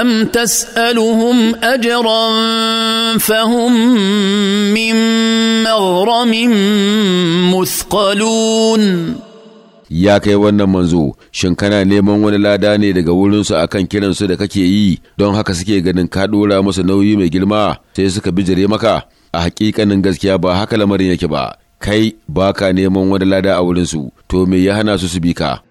أم تسألهم أجرا فهم من مغرم مثقلون ya kai wannan manzo shin kana neman wani lada ne daga wurinsu a kan kiransu da kake yi don haka suke ganin ka ɗora musu nauyi mai girma sai suka bijire maka a hakikanin gaskiya ba haka lamarin yake ba kai baka neman wani lada a wurinsu to me ya hana su su bi ka